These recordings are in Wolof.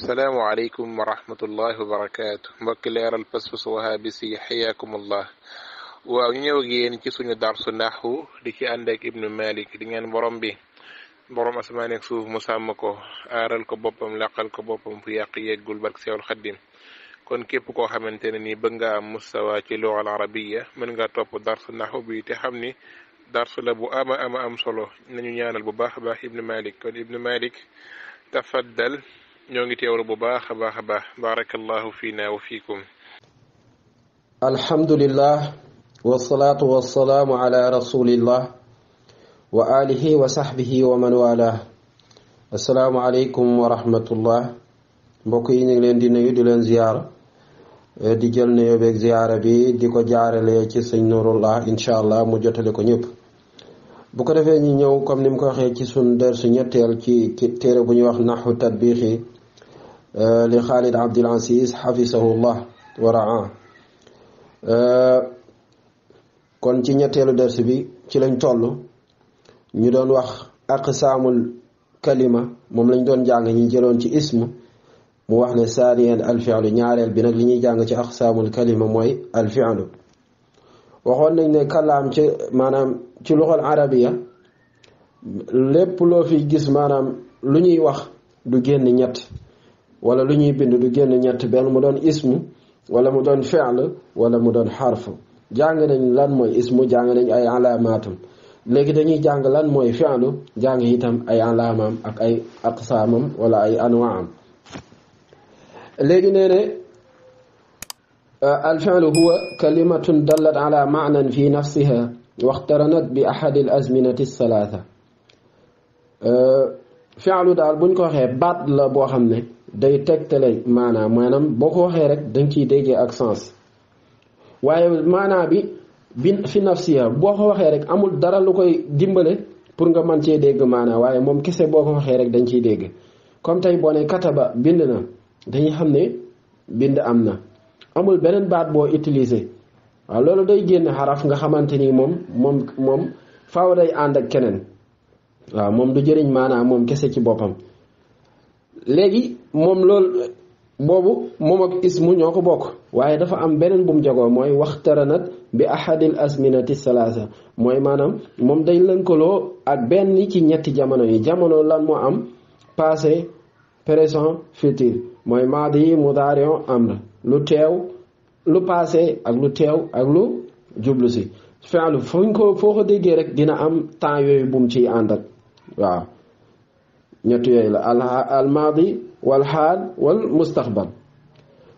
السلام عليكم ورحمة الله وبركاته مكلير البسوس وهابسي حياكم الله وعنيو جيين كسو ندار سناحو لكي عندك ابن مالك لنين برم بي برم أسماني كسوف مسامكو آرل كبوبم لقل كبوبم في يقية قل برك سيو الخدم كون كيف حمن تنيني بنغا مستوى كلو العربية من غا توب دار سناحو بي تحمني دار سلبو أما أما أم صلو نيو نيان الببا ابن مالك كون ابن مالك تفضل ñoo ngi teewlu bu baax a baax a baax barakallahu fiina wa fiikum alhamdulillah wasalaatu wasalaamu ala rasulillah wa alihi wa sahbihi wa man wala asalaamu aleykum wa rahmatullah mbokk yi ñu ngi leen di nuyu di leen ziyaara eh, di jël nuyoo beeg ziyaara bi di ko jaarale ci sëñ Nuurullah incha allah mu jotale ko ñëpp bu ko defee ñu ñëw comme ni mu ko waxee ci sun dersu ñetteel ci ci téere bu ñuy wax naxu tatbiixi Euh, li Xaalid Abdul Aziz xafisahullah wa euh, kon ci ñetteelu ders bi ci lañ toll ñu doon wax aqsaamul kalima moom lañ doon jàng ñi jëloon ci ism mu wax ne saaniyan alfilu ñaareel bi nag li ñuy jàng ci aqsaamul kalima mooy alfilu waxoon nañ ne kalaam ci maanaam ci luxal arabiya lépp loo fi gis maanaam lu ñuy wax du génn ñett wala lu ñuy bind du génn ñett benn mu doon ismu wala mu doon fi'l wala mu doon xarfu jàng nañ lan mooy ismu jàng nañ ay alaamaatam léegi dañuy jàng lan mooy fi'lu jàng itam ay alaamaam ak ay aqsaamam wala ay am léegi nee ne alfi'lu huwa kalimatun dallat ala maanan fi nafsiha waxtaranat bi ahadi al azminati salaasa daal buñ ko waxee baat la boo xam ne day tegtale maanaa maanaam boo ko waxee rek dañ ciy déggee ak sens waaye maanaa bi bi fi nafsiha boo ko waxee rek amul dara lu koy dimbale pour nga mën cee dégg maanaa waaye moom kese boo ko waxee rek dañ ciy dégg comme tey boo ne ba bind na dañuy xam ne bind am na amul beneen baat boo utilisé waaw loolu day génn xaraf nga xamante ni moom moom moom faaw day ànd ak keneen waaw moom du jëriñ maanaa moom kese ci boppam léegi moom loolu boobu moom ak ismu ñoo ko bokk waaye dafa am beneen bu mu jagoo mooy waxtaranat bi ahadil azminati salaasa mooy maanaam moom day lënkaloo ak benn ci ñetti jamono yi jamono lan moo am passé présent futur mooy maadi mudaarion amr lu teew lu passé ak lu teew ak lu jublu si fi'lu fuñ ko foo ko déggee rek dina am temps yooyu bu ci ciy waaw ñett yooyu la al maadi wal xaal wal mustaqbal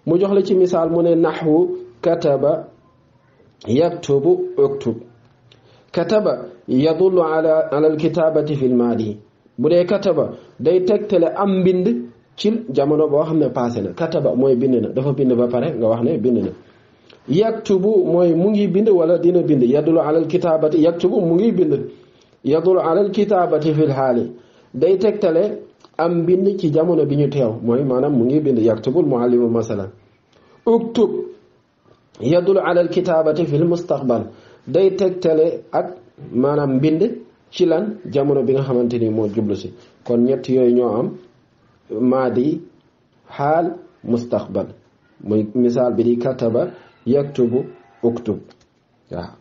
mu jox la ci misaal mu ne naxwu kataba yaktubu uktub kataba yadullu ala ala alkitaabati fi lmaadi bu dee kataba day tegtale am mbind ci jamono boo xam ne passé na kataba mooy bind na dafa bind ba pare nga wax ne bind na yaktubu mooy mu ngi bind wala dina bind yadullu ala alkitaabati yaktubu mu ngi bind yadullu ala alkitaabati fi lxaali day tegtale am mbind ci jamono bi ñu teew mooy maanaam mu ngi bind yaktubul muallimu masalan uktub yadul alal kitaabati fil mustaqbal day tegtale ak maanaam mbind ci lan jamono bi nga xamante ni moo jublu si kon ñett yooyu ñoo am di xaal mustaqbal muy misaal bi di kataba yaktubu uktub waaw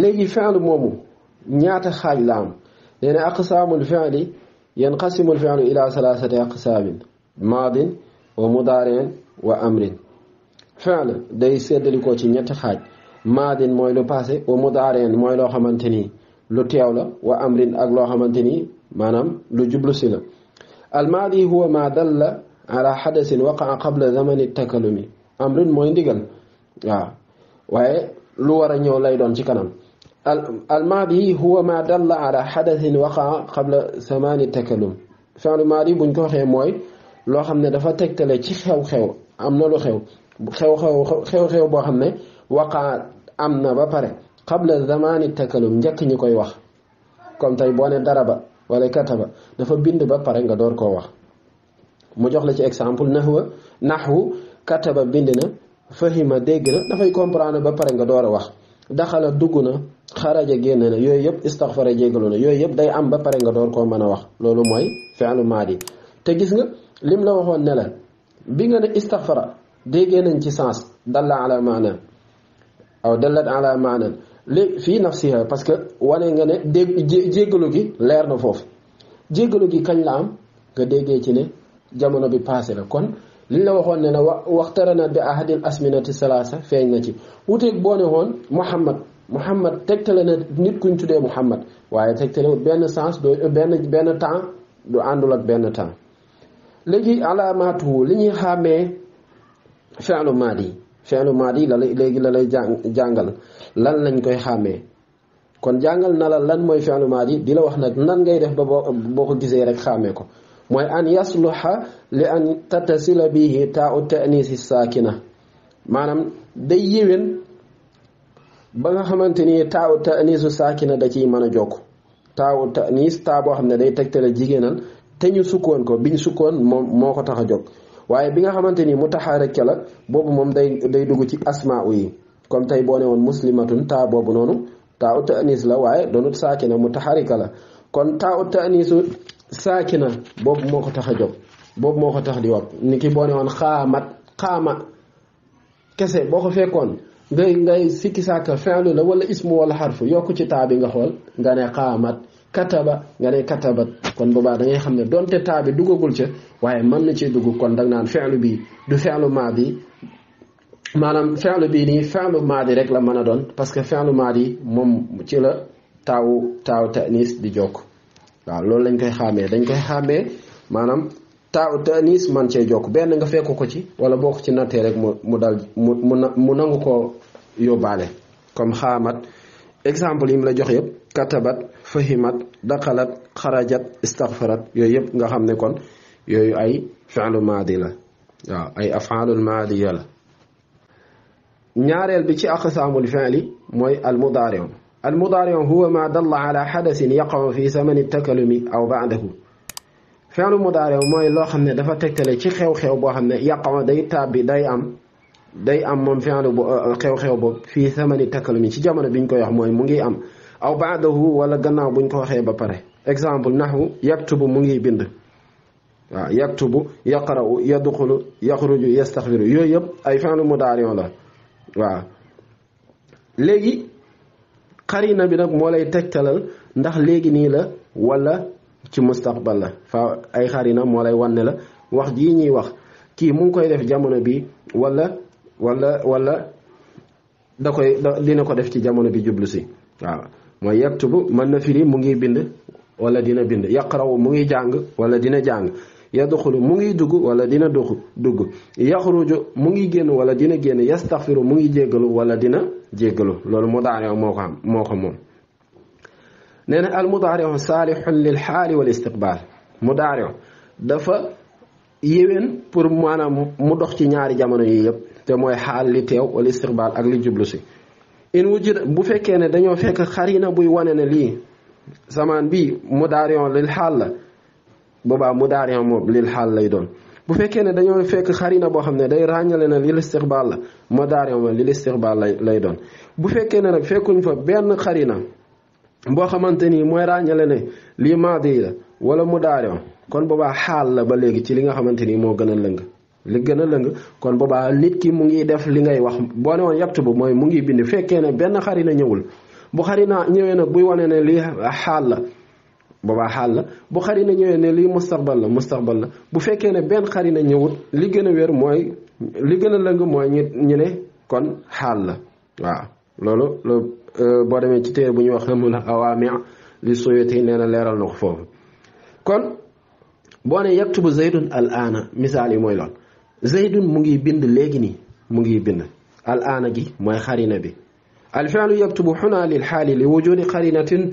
léegi fi'lu moomu ñaata xaaj la am لأن يعني أقسام الفعل ينقسم الفعل إلى ثلاثة أقسام ماض ومضارع وأمر فعل داي سيد لكو تي نيت خاج ماض موي لو باسي ومضارع موي لو خامتيني لو تيولا وأمر اك لو خامتيني مانام لو جبلو سيلا الماضي هو ما دل على حدث وقع قبل زمن التكلم أمر موي ندغال واه واي لو ورا نيو لاي دون سي كانام almaadi huwa ma dalla ala xadasin waqa qabla zamani takallum fi'lu maadi buñ ko waxee mooy loo xam ne dafa tegtale ci xew-xew am na lu xew xew-xew xew-xew boo xam ne waqa am na ba pare qabla zamani takallum njëkk ñu koy wax comme tey boo ne daraba wala kataba dafa bind ba pare nga door koo wax mu jox la ci exemple nahwa naxwu kataba bind na fahima dégg na dafay comprendre ba pare nga door a wax daxala dugg na xaraja génn na yooyu yëpp istaxfara jégalu na yooyu yëpp day am ba pare nga door koo mën a wax loolu mooy fi'lu maadi te gis nga lim la waxoon ne la bi nga ne istaxfara déggee nañ ci sens dalla ala maana aw dallat ala maana léegi fii si parce que wane nga ne dégg jéggalu gi leer na foofu jéggalu gi kañ la am nga déggee ci ne jamono bi passé la kon liñ la waxoon ne na wax wa waxtarana bi ahadil asminati salaasa feeñ na ci wuteeg boo ne woon Muhammad Muhammad tegtale na nit kuñ tuddee Muhammad waaye tegtale benn sens doo benn benn temps du àndul ak benn temps léegi alaamaatu li ñuy xàmmee fi'lu maadi fi'lu maadi la lay léegi la lay jàngal lan lañ koy xàmmee kon jàngal na la lan mooy fi'lu maadi di la wax nag nan ngay def ba boo boo ko gisee rek xàmmee ko mooy an yasluha li an tatasila bihi taa u tanisi saakina maanaam day yéwén ba nga xamante ni taa u tanisu saakina da ciy man a jokk taa u tanis taa boo xam ne day tegtale jigéenal te ñu sukkoon ko biñ sukkoon moom moo ko tax a jóg waaye bi nga xamante ni mu taxaarake la boobu moom day day dugg ci asmaa yi comme tey boo ne woon muslimatun taa boobu noonu taa u tanis la waaye doonut saakina mu taxarika la kon taa u tanisu na boobu moo ko tax a jóg boobu moo ko tax di wax ni ki boo ne woon xaamat xaama kese boo ko fekkoon ngay ngay sikki sàkka fi'lu la wala ismu wala xarfu yokk ci taa bi nga xool nga ne xaamat kataba nga ne katabat kon boobaa da ngay xam ne donte taa bi duggagul ca waaye mën na ci dugg kon dag naan fi'lu bii du fi'lu maadi maanaam fi'lu bii nii fi'lu maadi rek la mën a doon parce que fi'lu maadi moom ci la taawu taaw tanis di jokk waaw loolu lañ koy xàmmee dañ koy xàmmee maanaam taaw tanis man cee jokk benn nga fekk ko ci wala boo ko ci nattee rek mu mu dal mu mu nangu ko yóbbaale comme xaamat exemple yi mu la jox yëpp katabat fahimat daqalat xarajat istaghfarat yooyu yëpp nga xam ne kon yooyu ay fi'lu maadi la waaw ay afaalul maadiya la ñaareel bi ci aqsaamul fi'li mooy al mudaari'u المضارع هو ما دل على حدث يقع في زمن التكلم أو بعده فعل مضارع ما الله خمنا دفا تكتلي كي خيو خيو بو خمنا يقع داي تابي داي أم داي أم من فعل خيو خيو بو في زمن التكلم كي جامنا بينكو يحمو أي مونجي أم أو بعده ولا قنا بينكو خيو بباره example نحو يكتب مونجي بند آه، يكتب يقرأ يدخل يخرج يستغفر يو يب أي فعل مضارع الله واه لغي xarina bi nag moo lay tegtalal ndax léegi nii la wala ci mustaqbal la fa ay xarina moo lay wanne la wax jii ñuy wax kii mu ngi koy def jamono bi wala wala wala da koy dina ko def ci jamono bi jublu si waaw mooy yaktubu mën na firi mu ngi bind wala dina bind raw mu ngi jàng wala dina jàng yadxulu mu ngiy dugg wala dina dugg dugg yaxruju mu ngi génn wala dina génn yastaxfiru mu ngi jéggalu wala dina جيغلو لول مضارع موخا موخا نين المضارع صالح للحال والاستقبال مضارع دفا يوين بور مانا مو دوخ سي نياري جامونو ييب تي موي حال لي تيو والاستقبال اك لي جوبلوسي ان وجد بو فكينه دانيو فك خارينا بوي وانه لي زمان بي مضارع للحال بابا مضارع مو للحال لي دون bu fekkee ne dañoo fekk xarina boo xam ne day ràññale na lil istiqbaal la madaari ma lil istiqbaal lay lay doon bu fekkee ne nag fekkuñu fa benn xarina boo xamante ni mooy ràññale ne lii maadi la wala mudaari kon boobaa xaal la ba léegi ci li nga xamante ni moo gën a lëng li gën a lëng kon booba nit ki mu ngi def li ngay wax boo ne woon yaktu bu mooy mu ngi bind fekkee ne benn xarina ñëwul bu xarina ñëwee nag buy wane ne lii xaal la boobaa xaal la bu xarina ñëwee ne lii mustaqbal la mustaqbal la bu fekkee ne benn xarina ñëwut li gën a wér mooy li gën a lëng mooy ñu ñu ne kon xaal la waaw loolu loolu euh, boo demee ci téere bu ñuy wax xamul awaami li suyuti nee na leeral na ko foofu kon boo ne yaktubu zaydun al misaal yi mooy lool zaydun mu ngi bind léegi nii mu ngi bind al aana gi mooy xarina bi الفعل يكتب هنا للحال لوجود قرينة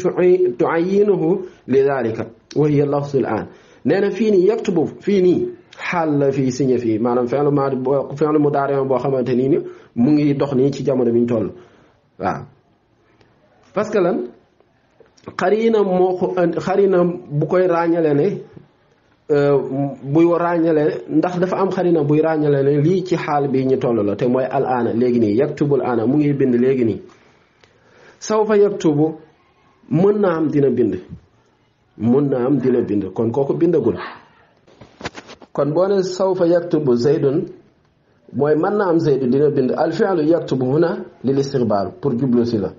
تعينه لذلك وهي اللفظ الآن نانا فيني يكتب فيني حال في سنة في معنى فعل ما فعل مضارع بو خامتاني ني مغي دوخ ني سي جامونو تول وا باسكو لان قرينة موكو قرينة بوكاي رانيا لنا Euh, buy ràññale ndax dafa am xarina buy ràññale ne lii ci xaal bi ñu toll la te mooy al aana léegi nii yaktubul aana mu ngi bind léegi nii saw fa yaktubu mën naa am dina bind mën na am dina bind kon kooku bindagul kon boo ne saw fa yaktubu zaydun mooy mën na am zaydu dina bind al fi'lu yaktubu huna lil istigbaal pour jublo si la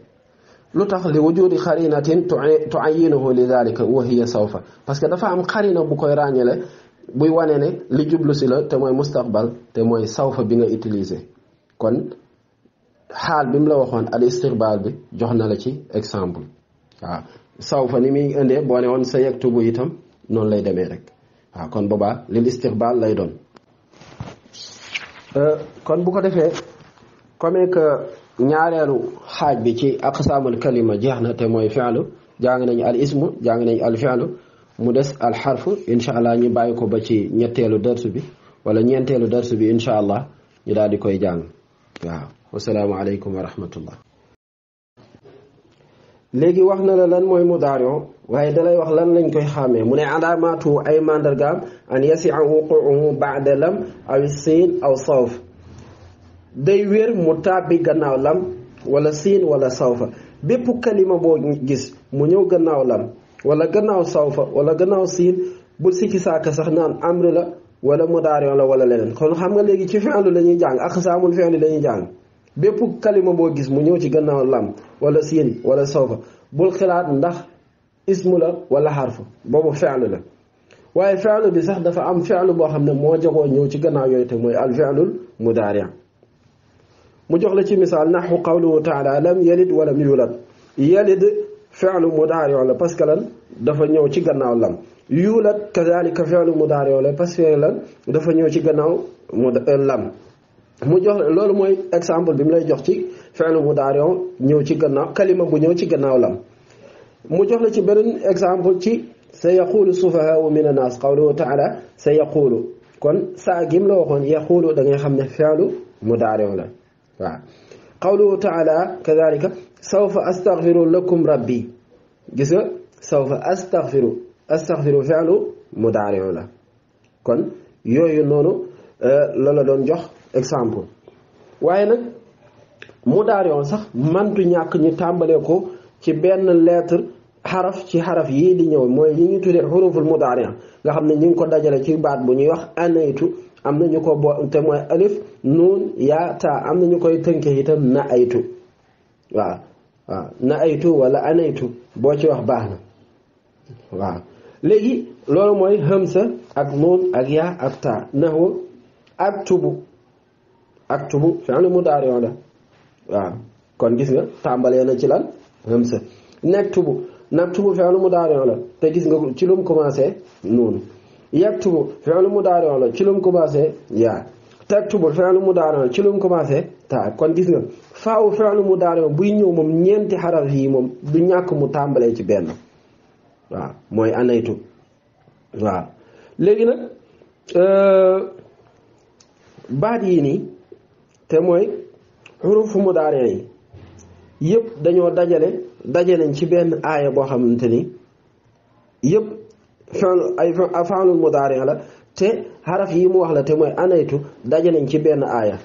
lu tax li wujudi xarinatin tuayinuhu li dalika wa hiya sawfa parce que dafa am xarina bu koy ràññale buy wanee ne li jublu si la te mooy mustaqbal te mooy fa bi nga utiliser kon xaal bi mu la waxoon al istirbaal bi jox na la ci exemple waaw sawfa ni muy indee boo ne woon sa yaktubu itam noonu lay demee rek waaw kon boobaa lil istirbaal lay doon euh, kon bu ko defee comme que ñaareelu xaaj bi ci aqsaamul kalima jeex na te mooy fi'lu jàng nañ al ismu jàng nañ al fi'lu mu des al xarfu incha allah ñu bàyyi ko ba ci ñetteelu darsu bi wala ñeenteelu darsu bi incha allah ñu daal di koy jàng waaw wasalaamualeykum wa rahmatullah léegi wax na la lan mooy mudaarion waaye dalay wax lan lañ koy xàmmee mu ne alaamaatu ay mandargaam an yasi'a wuquuhu ba'da lam aw siin aw sawf day wér mu tàbbi gannaaw lam wala siin wala sawfa bépp kalima boo gis mu ñëw gannaaw lam wala gannaaw sawfa wala gannaaw siin bu sikki sax naan amri la wala mudaarion la wala leneen kon xam nga léegi ci fi'lu la ñuy jàng ak saamul fi'lu la ñuy jàng bépp kalima boo gis mu ñëw ci gannaaw lam wala siin wala sawfa bul xalaat ndax ismu la wala xarfu boobu fi'lu la waaye fi'lu bi sax dafa am fi'lu boo xam ne moo jagoo ñëw ci gannaaw yooyu te mooy al fi'lul mudaari mu jox la ci misaal naxu qawluhu taala lam yalid walam yulad yalid fi'lu mu la parce que lan dafa ñëw ci gannaaw lam yulad kadalika fi'lu mudaari la parce que lan dafa ñëw ci gannaaw mu euh, lam mu jox loolu mooy exemple bi lay jox ci fi'lu mudaari ñëw ci gannaaw kalima bu ñëw ci gannaaw lam mu jox la ci beneen exemple ci sa yaquulu sufahaau min annaas qawluhu taala sa yaquulu kon saa gim la waxoon yaquulu da ngay xam ne fi'lu mudaari la qawluhu taala kadalika sawfa astaghfiru lakum rabbi gis nga sawfa astaghfiru astaghfiru fi'lu mudaari'u la kon yooyu noonu la la doon jox exemple waaye nag mudaari'u sax mantu ñàkk ñu tàmbalee ko ci benn lettre xaraf ci xaraf yii di ñëw mooy li ñu tuddee xuruful mudaari'u nga xam ne ñu ngi ko dajale ci baat bu ñuy wax anaytu am na ñu ko bo te mooy alif nuun yaa taa am na ñu koy tënke itam na aytu waaw waaw na aytu wala anaytu boo ci wax baax na waaw léegi loolu mooy hamsa ak nuun ak yaa ak taa naxwa aktubu aktubu fi'l mudaari la waaw kon gis nga tàmbalee na ci lan hamsa naktubu naktubu fi'l mudaari la te gis nga ci lum mu commencé noonu yaktubu mu mudaari la ci lu mu commencé yaa taktubu fi'lu mudaari la ci lu mu commencé taa kon gis nga faaw mu mudaari buy ñëw moom ñeenti xaraf yi moom du ñàkk mu tàmbalee ci benn waaw mooy anaytu waaw léegi nag euh, baat yi nii te mooy xurufu mudaari yi yëpp dañoo dajale dajaleñ ci benn aaya boo xamante ni yépp fen ay fenlul mudaari la te xaraf yi mu wax la te mooy anaytu daje nañ ci benn aaya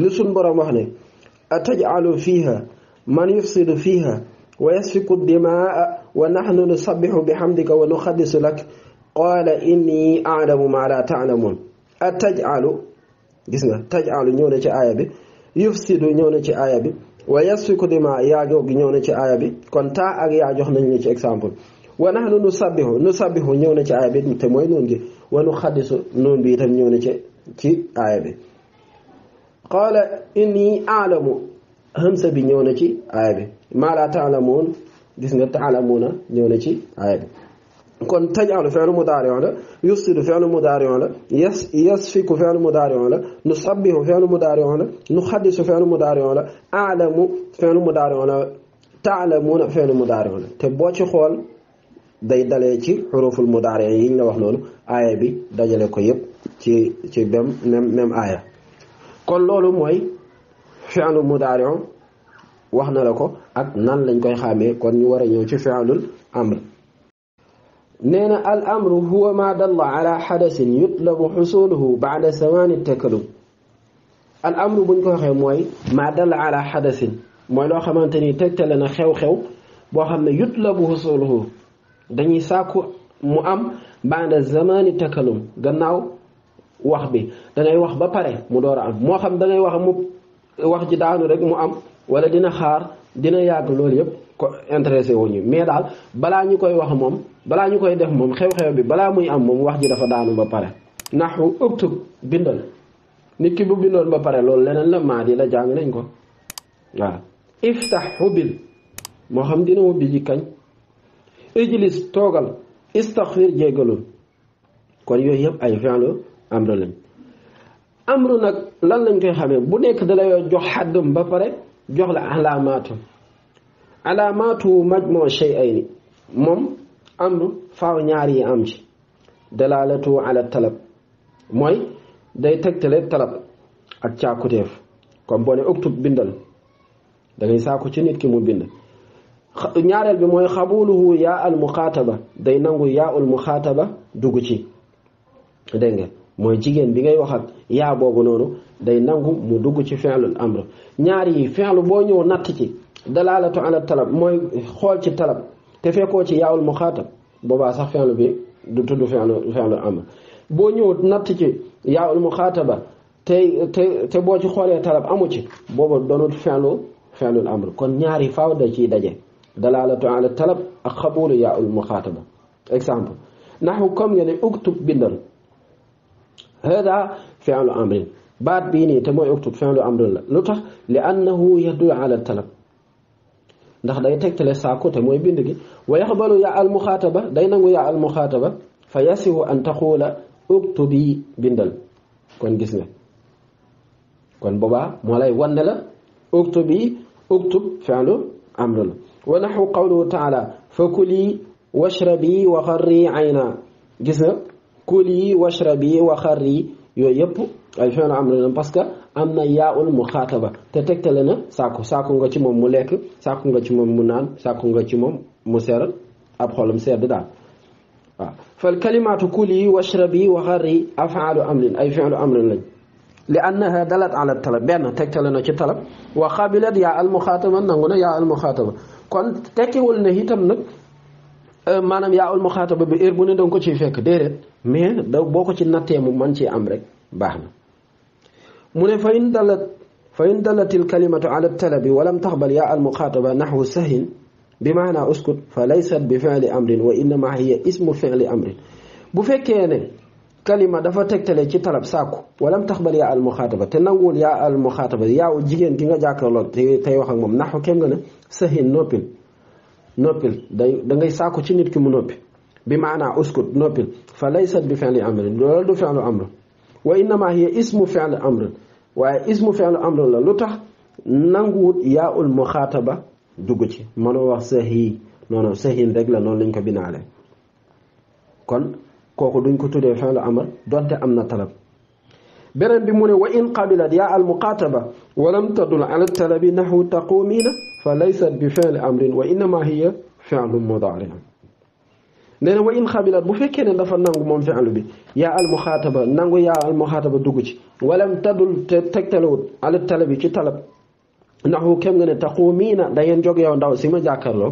li suñ boroom wax ne atajalu fiiha man yufsidu fiiha wa yasfiku dimaa wa nahnu nusabbihu bihamdika wa nuxaddisu lak qaala inni aalamu maa la taalamuun atajalu gis nga tajalu ñëw na ci aaya bi yufsidu ñëw na ci aaya bi wa yasfiku dimaa yaa gi ñëw na ci aaya bi kon taa ak yaa jox nañ la ci exemple wa nahnu nusabbihu nusabbihu ñëw na ci aaya bi te mooy noon gi wa nu xaddisu noon bi itam ñëw na ci ci aaya bi qaala inni aalamu hamsa bi ñëw na ci aaya bi maa laa taalamuun gis nga taalamuuna ñëw na ci aaya bi kon tajalu fi'lu mudari'un la yusidu fi'lu mudari'un la yas yasfiku fi'lu mudari'un la nusabbihu fi'lu mudari'un la nuxaddisu fi'lu mudari'un la aalamu fi'lu mudari'un la taalamuna fi'lu mudari'un la te boo ci xool day dalé ci xuruful mudari yi ñu wax loolu aya bi dajale ko yëpp ci ci bem même même aya kon lolu moy fi'lu mudari wax na la ko ak nan lañ koy xamé kon ñu wara ñëw ci fi'lul amr nee al amru huwa ma dalla ala xadasin yutlabu husuluhu bada samaani takalum al amru buñ ko waxé moy ma dalla ala xadasin moy lo xamanteni ni na xew-xew bo xamné yutlabu husuluhu dañuy sàkku mu am banda zamani takalum gannaaw wax bi da ngay wax ba pare mu door a am moo xam dangay wax mu wax ji daanu rek mu am wala dina xaar dina yàgg loolu yëpp ko intéressé wuñu mais daal balaa ñu koy wax moom balaa ñu koy def moom xew-xew bi balaa muy am moom wax ji dafa daanu ba pare naxu uktub bindal nit ki bu bindoon ba pare loolu leneen la maa di la jàng nañ ko waaw iftax hubil moo xam dina ubbi ji kañ ijlis toogal istaxfir jéggalul kon yooyu yëpp ay fi'lu amru lañ amru nag lan lañ koy xamee bu nekk da lay jox xaddum ba pare jox la alaamaatu alaamaatu majmuu shay'ayni moom amru faaw ñaari am ci dalaalatu ala talab mooy day tegtale talab ak càkkuteef comme boo ne uktub bindal da ngay ci nit ki mu bind ñaareel bi mooy xabuluhu yaa al muxaataba day nangu yaa al muxaataba dugg ci dégg mooy jigéen bi ngay wax ak yaa boobu noonu day nangu mu dugg ci fi'lul amr ñaar yi boo ñëw natt ci dalaalatu ala talab mooy xool ci talab te fekkoo ci yaa al muxaatab boobaa sax fi'lu bi du tudd fi'lu fi'lul amr boo ñëw natt ci yaa al muxaataba te te te boo ci xoolee talab amu ci boobu doonut fi'lu fi'lul amr kon ñaari yi day da ciy daje dalalatu ala talab ak xabulu yaa ul muxaataba exemple naxu comme nga ne uktub bindal hada fi'lu amrin baat bii nii te mooy uktub fi'lu amrin la ndax day tegtale saako te mooy bind gi wa yaxbalu yaa al muxaataba day nangu yaa al muxaataba fa yasihu an taxuula uktubi bindal kon gis nga kon boobaa moo lay wanne uktubi uktub fi'lu amrin ونحو قوله تعالى فكلي واشربي وخري عينا جسم كلي واشربي وخري يويب أي فعل عمر بسكا أما ياء المخاطبة تتكت لنا ساكو ساكو نغتي مم مليك ساكو نغتي مم منان ساكو نغتي مم مسير أبخل مسير دا فالكلمات كلي واشربي وخري أفعال أمر أي فعل أمر لن لأنها دلت على الطلب بأنها تكت لنا كي وقابلت يا المخاطبة نغنى يا المخاطبة kon tekkiwul ne itam nag euh, maanaam yaa ul muxaataba bi heure bu ne danga ko ciy fekk déedéet mais da boo ko ci nattee mu man ci am rek baax na mu ne fa in dalat fa in dalat il kalimatu ala talabi walam taxbal yaa al muxaataba naxwu sahin bi maanaa uskut fa laysat bi fili amrin wa innama hiya ismu fili amrin bu fekkee ne kalima dafa tegtale ci talab sàkku walam taxbal yaa al muxaataba te nanguwul yaa al muxaataba yaaw jigéen ki nga jàkkaarloo te tey wax ak moom naxu kem nga ne sahin noppil noppil day dangay sàkku ci nit ki mu noppi bi maanaa uskut noppil fa laysat bi fi'li amrin loolu du fi'lu amr wa innama hiya ismu fi'li waaye ismu fi'li amrin la lu tax nanguwut yaa ul muxaataba dugg ci mënoo wax sahi noonu sahin rek la noonu lañ ko binaale kon koku duñ ko tuddee fin la amal donte amna talab benen bi mune wa in qabilat ya al muqataba wa lam tadul ala talabi nahwu taqumina fa laysa bi fi'l amrin wa innama hiya fi'l mudari nee wa in qabilat bu fekkee ne dafa nangu mom fi'l bi ya al muqataba nangu ya al muqataba dugg ci wa lam tadul te ala talabi ci talab nahwu kam nga ne taqumiina da ngeen jóg yow ndaw sima ma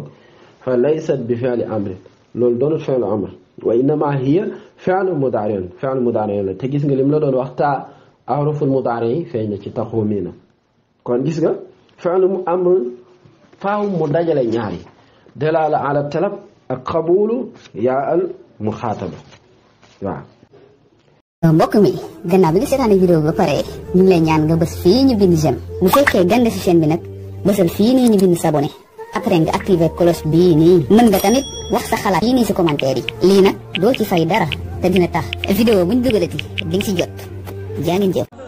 fa laysa bi fi'l amrin lol doonut fi'l amr wa innama hiya fi'lu mudaari'un fi'lu mudaari'un la te gis nga lim la doon wax taa aruful mudaari yi feeñ na ci gis nga fi'lu mu amr faaw mu dajale ñaari dalaala ala talab ak xabulu yaa al muxaataba waaw mbokk mi gannaaw bi nga seetaane vidéo bi ba pare ñu ngi ñaan nga bës si fii nii ñu bind après nga activer cloche bii nii mën nga tamit wax sa xalaat yi nii si commentaire yi lii nag doo ci fay dara te dina tax vidéo buñ dugalati di nga si jot jaa ngeen jëf